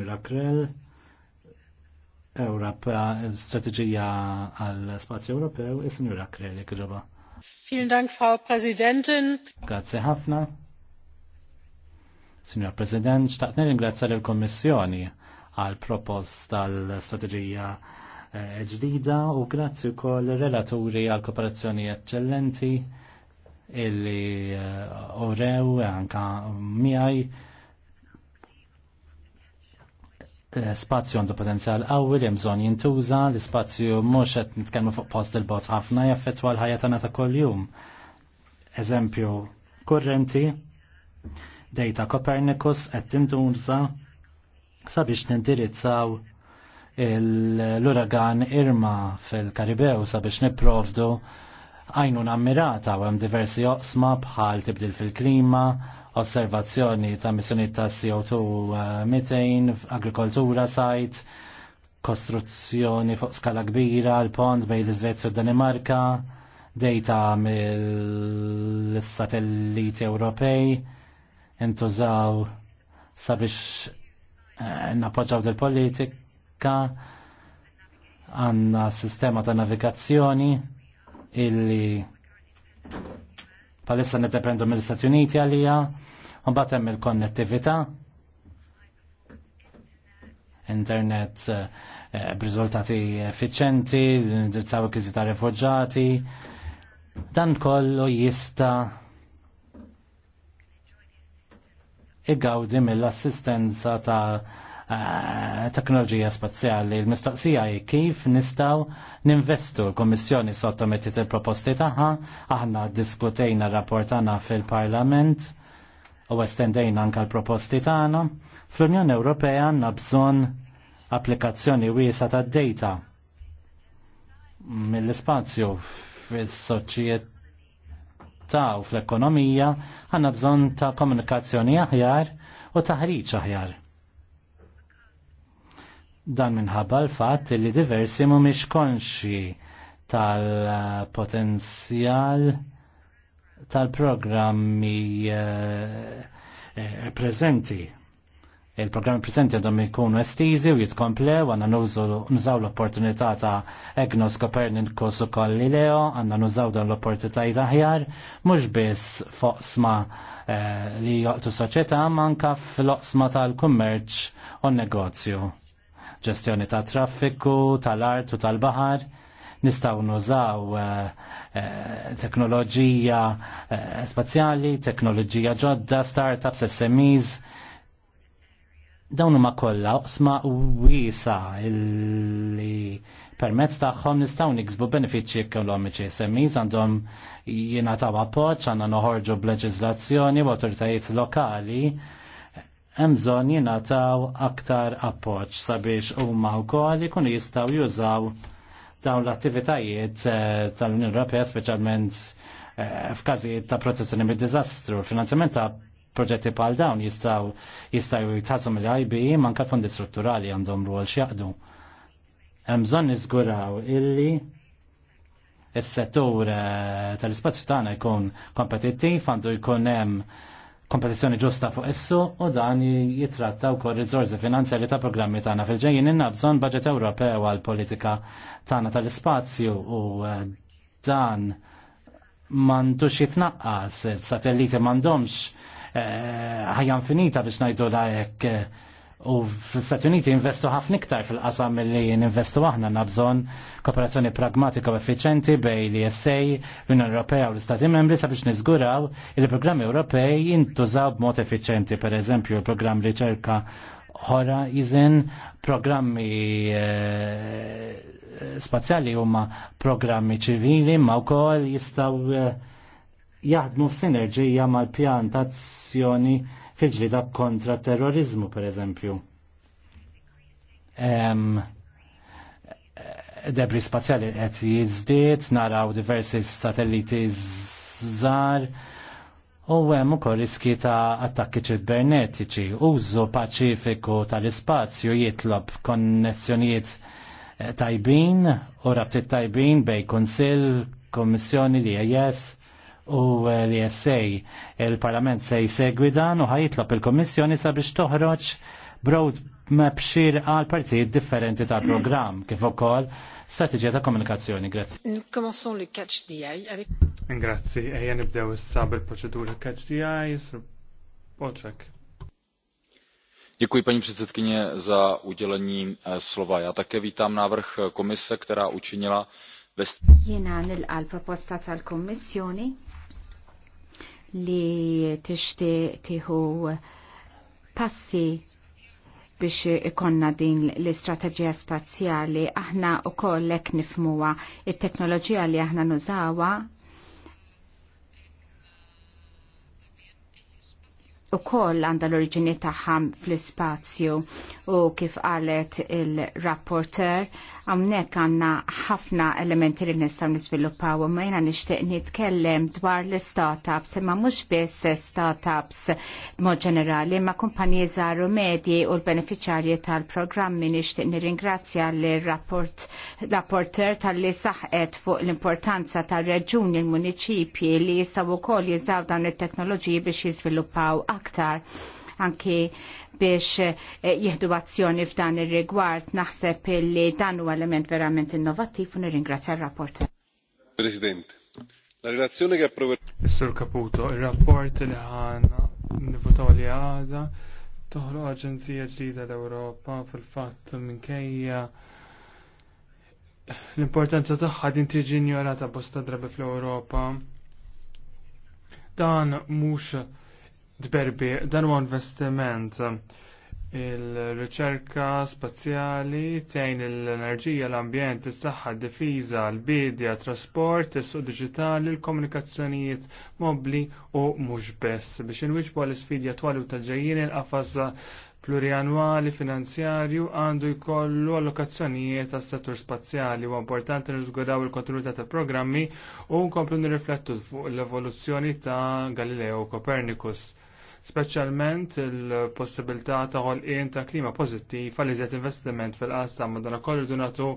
l Krell, Ewropa, strategija għal spazju Ewropew, e Sinjura Krell, jek ġoba. Vielen Dank, Frau Präsidentin. Grazie ħafna. Signor President, xtaqt nirringrazzja l-Kommissjoni għal propost tal-strategija eh, ġdida u grazzi wkoll relaturi għal kooperazzjoni eccellenti illi eh, orew e anka miegħi Eh, spazju għandu potenzjal qawwi li bżonn jintuża, l-ispazju mhux qed nitkellmu fuq post il-bot ħafna jaffettwa l-ħajja tagħna ta' kuljum. Eżempju, kurrenti, dejta Copernicus qed tintuża sabiex nindirizzaw l-uragan Irma fil-Karibew sabiex nipprovdu għajnuna ammirata u hemm diversi oqsma bħal tibdil fil-klima, osservazzjoni ta' missioni ta' CO2 uh, methane, agrikoltura, sajt, kostruzzjoni fuq skala kbira, l-pont bejn l-Svezja u Danimarka, data mill-satelliti Ewropej, intużaw sabiex eh, nappoġġaw del-politika, għanna sistema ta' navigazzjoni illi palissa nedependu mill-Stati Uniti għalija bat hemm il-konnettività internet eh, b'riżultati effiċenti, indirizzaw kriżi ta' rifuġġati. Dan kollu jista' igawdi mill-assistenza ta' eh, teknoloġija spazjali. l mistoqsija hi kif nistgħu ninvestu l kummissjoni sottomettiet il-proposti tagħha, aħna diskutejna rapportana fil-Parlament u estendejna anka l-proposti tagħna, fl-Unjoni Ewropea għandna bżonn applikazzjoni wiesa ta' data mill-ispazju fis-soċjetà u fl-ekonomija għandna bżonn ta' komunikazzjoni aħjar u taħriġ aħjar. Dan minħabba l-fatt li diversi mhumiex konxi tal-potenzjal tal-programmi eh, eh, prezenti. Il-programmi prezenti għadhom jkunu estizi u jitkomplew, għanna nużaw l-opportunità ta' Egnos Copernicus u Leo, għanna nużaw dan l-opportunitajiet aħjar, mhux biss foqsma eh, li joqtu soċjetà manka fl-oqsma tal-kummerċ u negozju. Ġestjoni ta' traffiku, tal-art u tal-bahar, Nistgħu nużaw eh, eh, teknoloġija eh, spazjali, teknoloġija ġodda, startups, SMEs. Dawn huma kollha oqsma wiesa li permezz tagħhom nistgħu niksbu benefiċċji ekonomiċi. SMEs għandhom jingħataw appoġġ, għanna noħorġu b'leġizlazzjoni u awtoritajiet lokali emżon jinataw aktar appoċ sabiex huma wkoll ikunu jistgħu jużaw dawn l-attivitajiet eh, tal-Unjoni Ewropea, speċjalment eh, f'każijiet ta' protezzjoni mid-diżastru. Finanzjament ta' proġetti bħal dawn jistaw jistaw jitħassu mill-IB manka fondi strutturali għandhom rwol xjaqdu. Hemm bżonn niżguraw illi is-settur eh, tal-ispazju tagħna jkun kompetittiv, għandu jkun hemm kompetizzjoni ġusta fuq issu u dan jitratta wkoll rizorzi finanzjali ta' programmi tagħna fil-ġejjin inna bżonn budget Ewropew għal politika tagħna tal-ispazju u eh, dan m'għandux jitnaqqas, il-satelliti m'għandhomx eh, ħajja finita biex ngħidu lajk U fl-Stati Uniti investu ħafna iktar fil-qasam li ninvestu aħna nabżon kooperazzjoni pragmatika u effiċenti bej l-ESA, l-Unjoni Ewropea u l-Stati Membri sabiex niżguraw il-programmi Ewropej jintużaw b'mod effiċenti, per eżempju il-programm riċerka ħora jizin programmi eh, spazjali huma programmi ċivili ma wkoll jistgħu eh, jaħdmu f'sinerġija mal-pjan ta' fil-ġlida kontra terrorizmu, per eżempju. Debri spazjali qed jiżdied, naraw diversi satelliti żgħar u hemm ukoll riski ta' attakki ċibernetiċi. Użu paċifiku tal-ispazju jitlob konnessjonijiet eh, tajbin u rabtiet tajbin bej kunsill, kommissjoni li jes u eh, l-ESA. Il-Parlament se jsegwi dan u ħajitlob il-Kommissjoni sabiex toħroġ broad map xir għal partijiet differenti ta' program kif ukoll strateġija ta' komunikazzjoni. Grazzi. Commençons li catch DI. Grazzi, ejja nibdew issa bil-proċedura catch DI. Oċek. Děkuji paní předsedkyně za udělení eh, slova. Já také vítám návrh eh, komise, která učinila Best... Jena nilqa l-proposta tal-Kommissjoni li tixti tiħu passi biex ikonna din l-istrateġija spazjali aħna u kollek nifmuwa il-teknoloġija li aħna nużawa u koll għanda l-oriġini taħħam fl-spazju u kif għalet il-rapporter għamnek għanna ħafna elementi li nistaw nisviluppaw u majna nishtiq nitkellem dwar l-startups imma mux biss startups mod ġenerali ma kumpanji zaru medji u l-beneficjarji tal-programmi nishtiq nirringrazzja l-rapporter tal-li saħqet fuq l-importanza tal-reġuni l municipi li jisaw u koll jizaw dawn il-teknoloġiji biex jizviluppaw aktar anki biex eh, jihdu azzjoni f'dan ir-rigward naħseb li dan huwa element verament innovattiv u nirringrazzja r-rapport. President, la relazzjoni che approver... Sur Caputo, il-rapport li ħanna nivotaw li għada toħloq Aġenzija ġdida l-Ewropa fil-fatt minkejja l-importanza tagħha din tiġi ignorata bosta drabi fl-Ewropa. Dan mhux dberbi dan huwa investiment il-riċerka spazjali tgħin l-enerġija, l-ambjent, is-saħħa, d-difiża, l-bidja, trasport, is-suq diġitali, l-komunikazzjonijiet mobbli u mhux biss biex inwiġbu għall isfidi attwali u tal-ġejjin il-qafas plurianwali finanzjarju għandu jkollu allokazzjonijiet għas settur spazjali u importanti nizguraw il-kontinuità tal programmi u nkomplu nirriflettu fuq l-evoluzzjoni ta' Galileo Copernicus speċjalment il-possibilità ta' ħolqien ta' klima pożittiv għal iżjed investiment fil-qasam madankollu donatu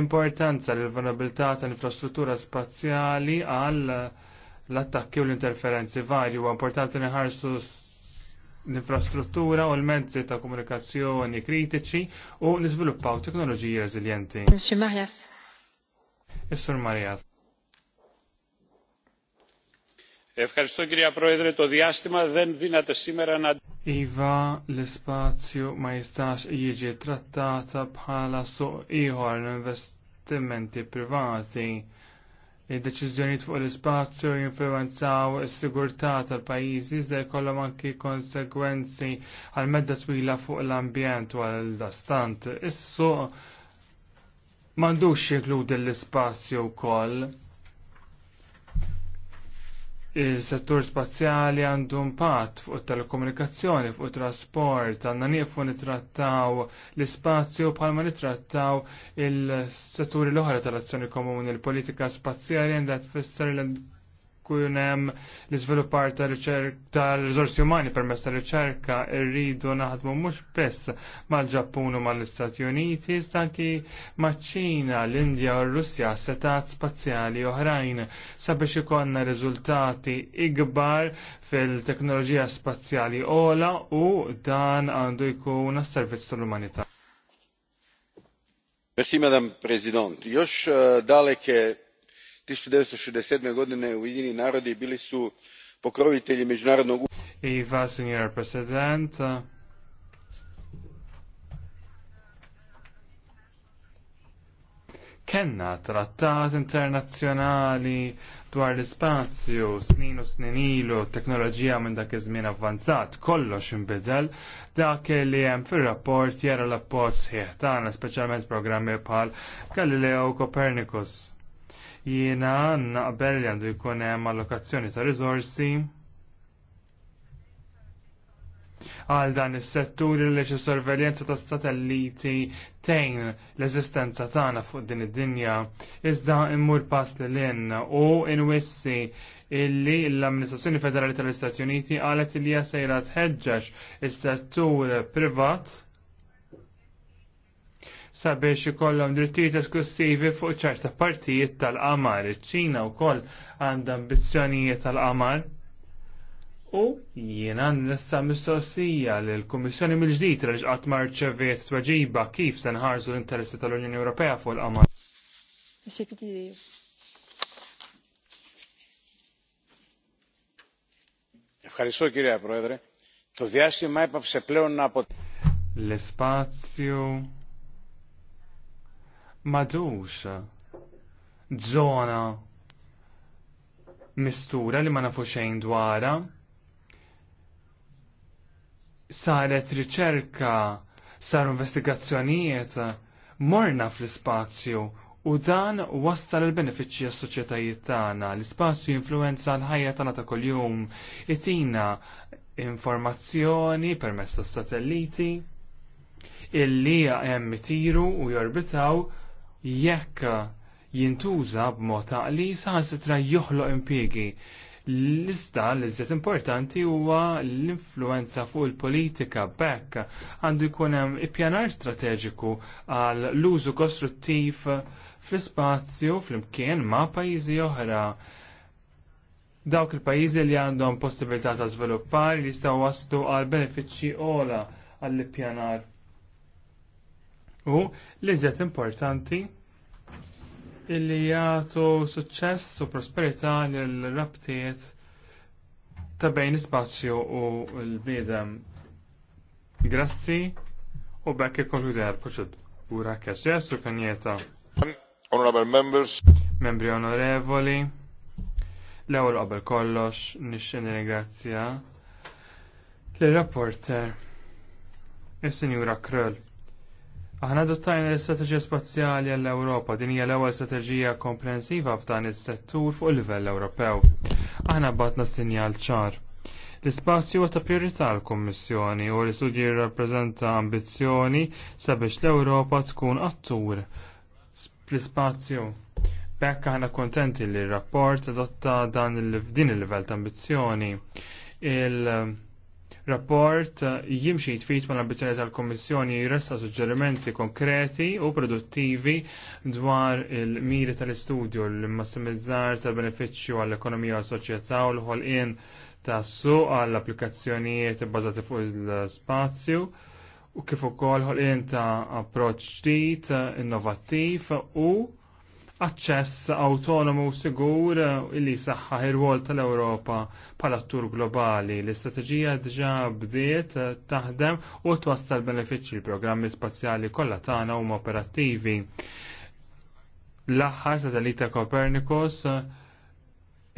importanza l vulnerabilità ta' infrastruttura spazjali għal l-attakki u l-interferenzi varji u importanti nħarsu l-infrastruttura u l-mezzi ta' komunikazzjoni kritiċi u niżviluppaw teknoloġiji reżiljenti. Is-Sur Marjas. Ευχαριστώ κυρία Πρόεδρε, το διάστημα δεν δύναται σήμερα να... Iva l-spazju ma jistax jiġi trattata bħala suq ieħor investimenti privati. Id-deċiżjonijiet fuq l-ispazju jinfluwenzaw is-sigurtà tal-pajjiżi iżda jkollhom anki konsegwenzi għal medda twila fuq l-ambjent u għal dastant. Is-suq m'għandux jinkludi l-ispazju wkoll il-settur spazjali għandu impatt fuq it telekomunikazzjoni, fuq it trasport, għandna nifu nitrattaw l-ispazju bħalma nitrattaw il-setturi l-oħra tal-azzjoni komuni, il-politika spazjali għandha tfisser l kun hemm l-iżviluppar tal-riżorsi umani permezz tal-riċerka rridu naħdmu mhux biss mal-Ġappun u mal-Istati Uniti, iżda anki maċ-Ċina, l-Indja u r-Russja setat spazjali oħrajn sabiex ikollna riżultati ikbar fil-teknoloġija spazjali ola u dan għandu jkun għas-servizz tal-umanità. Merci Madame President. Još eh, daleke one thousand nine hundred and sixty seven godine narodi bili su pokrovitelji međunarodnog Iva, signor President. Kenna trattat internazzjonali dwar l-ispazju, snin u snin ilu, teknoloġija minn dak iż-żmien avvanzat, kollox inbidel, dak li hemm fir-rapport jara l-appoġġ sħiħ tagħna speċjalment programmi bħal Galileo Copernicus. Jiena naqbel li għandu jkun hemm allokazzjoni ta' riżorsi għal dan is-setturi li xi sorveljenza tas satelliti tejn l-eżistenza tagħna fuq din id-dinja iżda mmur pass lil in u inwissi illi l-Amministrazzjoni Federali tal-Istati Uniti qalet li hija sejra tħeġġeġ is-settur privat sabiex ikollhom drittijiet esklusivi fuq ċerta partijiet tal-qamar. Iċ-Ċina wkoll għandha ambizzjonijiet tal-qamar. U jiena nista' mistoqsija li l-Kummissjoni mill-ġdid li ma marċeviet tweġiba kif se nħarsu l-interessi tal-Unjoni Ewropea fuq l-qamar. Ευχαριστώ Πρόεδρε. Το διάστημα έπαψε πλέον να αποτελεί. l madux żona mistura li ma nafu xejn dwarha. Saret riċerka, saru investigazzjonijiet, morna fl-ispazju u dan wassal il-benefiċċji għas-soċjetajiet tagħna. L-ispazju influenza l-ħajja tagħna ta' kuljum, itina informazzjoni permezz tas-satelliti illi hemm itiru u jorbitaw jekk jintuża b'mod taqli saħansitra joħloq impjiegi. L-iżda l iżjed importanti huwa l-influenza fuq il-politika bekk għandu jkun hemm ippjanar strateġiku għal l-użu kostruttiv fl-ispazju flimkien ma' pajjiżi oħra dawk il-pajjiżi li għandhom possibilità ta' żviluppar li jistgħu waslu għal benefiċċji ogħla għall-ippjanar u li żiet importanti illi jagħtu suċċess u prosperità l rabtiet ta' bejn ispazju u l bidem Grazzi u bekk ikkonkludi għal poċud. Bura u kanjeta. Honorable members. Membri onorevoli. L-ewwel qabel kollox nixtieq nirringrazzja lir rapporter is-Sinjura Krull. Aħna adottajna l-istrateġija spazjali għall ewropa din hija l-ewwel strateġija komprensiva f'dan is-settur fuq livell Ewropew. Aħna batna sinjal ċar. L-ispazju huwa ta' prijorità l-Kummissjoni u l-istudji jirrappreżenta ambizzjoni sabiex l-Ewropa tkun attur fl-ispazju. Bekk aħna kontenti li r-rapport adotta dan il-din il-livell ta' ambizzjoni. il rapport eh, jimxi jitfit ma l-ambizjoni tal-Kommissjoni jressa suġġerimenti konkreti u produttivi dwar il-miri tal-istudju l-massimizzar tal-beneficju għall-ekonomija u s-soċjetà u l-ħolqien tassu għall-applikazzjonijiet bbażati fuq il-spazju u kif ukoll ħolqien ta' approċċ ġdid innovattiv u aċċess autonomu u sigur eh, illi saħħa ir-wol tal-Ewropa bħala attur globali. L-istrateġija diġà bdiet eh, taħdem u twassal benefiċċji l-programmi spazjali kollha tagħna huma operattivi. L-aħħar satellita Copernicus eh,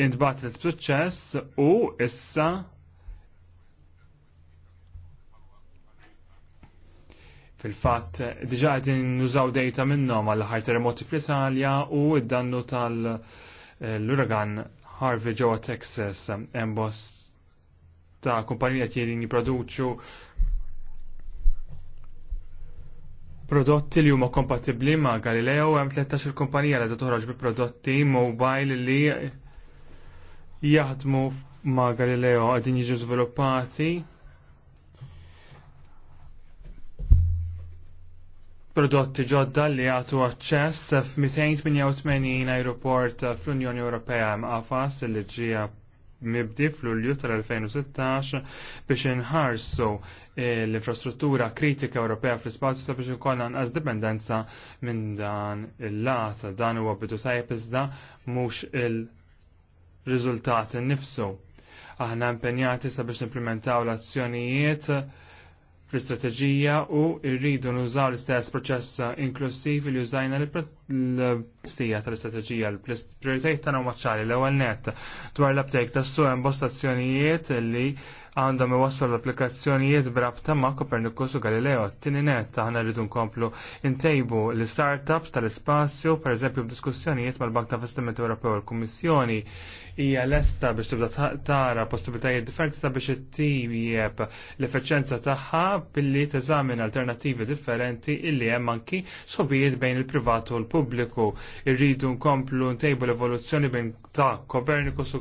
intbatlet b'suċċess u issa Fil-fatt, diġa għedin nużaw dejta minnom għal ħar terremoti fl-Italja u id-dannu tal-uragan eh, Harvey ġewa Texas embos ta' kumpanija tiegħi jipproduċu prodotti li huma kompatibbli ma' Galileo hemm 13 kumpanija li toħroġ bi prodotti mobile li jaħdmu ma' Galileo għadin jiġu żviluppati prodotti ġodda li għatu għacċess f-288 aeroport fl-Unjoni Ewropea mqafas li ġija mibdi fl-Ulju tal-2016 biex inħarsu l-infrastruttura kritika Ewropea fl-spazju sabiex biex ikollna nqas dipendenza minn dan il-lat. Dan huwa bidu tajb iżda mhux il-riżultat innifsu. Aħna impenjati sabiex implementaw l-azzjonijiet fl-istrateġija u rridu nużaw l-istess proċess inklusiv li użajna l-istija tal-istrateġija. L-prioritajt tagħna maċċali l-ewwel nett dwar l-aptek tas-su bostazzjonijiet li għandhom iwasslu l-applikazzjonijiet brabta ma' Kopernikus u Galileo. Tini net aħna rridu nkomplu intejbu l-startups tal-ispazju, per eżempju b'diskussjonijiet mal-Bank ta' Investiment Ewropew l-Kummissjoni hija lesta biex tibda tara possibilitajiet differenti ta' biex ittijjeb l-efficienza tagħha billi teżamin alternattivi differenti illi hemm anki sobijiet bejn il privatu u l-pubbliku. Irridu nkomplu ntejbu l-evoluzzjoni bejn ta' Kopernikus u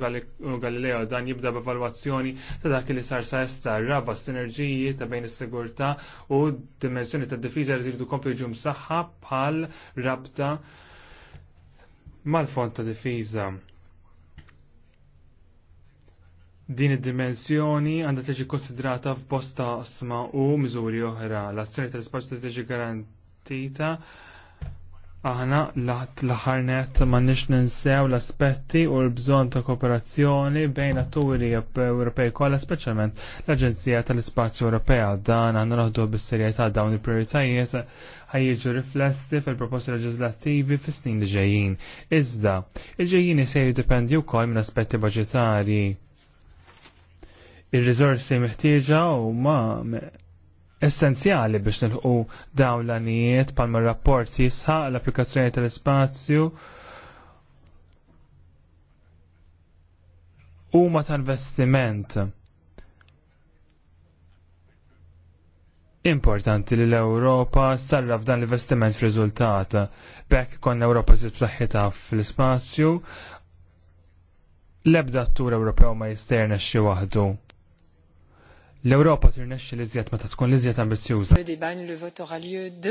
Galileo dan jibda b'evalwazzjoni ta' dak li li sar sa' issa raba sinerġiji ta' bejn is-sigurtà u dimensjoni ta' difiża li tridu kompli ġum saħħa bħal rabta mal-fond ta' difiża. Din id-dimensjoni għandha tiġi konsidrata f'bosta osma u miżuri oħra. L-azzjoni tal-ispazju tiġi garantita Aħna laħt laħarnet ma nix ninsew l-aspetti u l-bżon ta' kooperazzjoni bejn atturi Ewropej kollha speċjalment l-Aġenzija tal-Ispazju Ewropea dan għandna noħdu bis-serjetà dawn il prioritajiet ħajjiġu riflessi fil-proposti leġislattivi fis-snin li ġejjin. Iżda, il-ġejjin se jiddependi wkoll minn aspetti budġetarji. Ir-riżorsi meħtieġa huma essenzjali biex nilħu dawn l-anijiet palma rapport jisħaq l-applikazzjoni tal-ispazju u ma tal-investiment. Importanti li l-Europa sarra f'dan l-investiment f'riżultat. Bekk kon l-Europa zid b'saħħitha fl-ispazju, l-ebda t-tur Ewropew ma jisterna xi waħdu. L-Europa tirnexxi li iżjed meta tkun li iżjed ambizzjuża.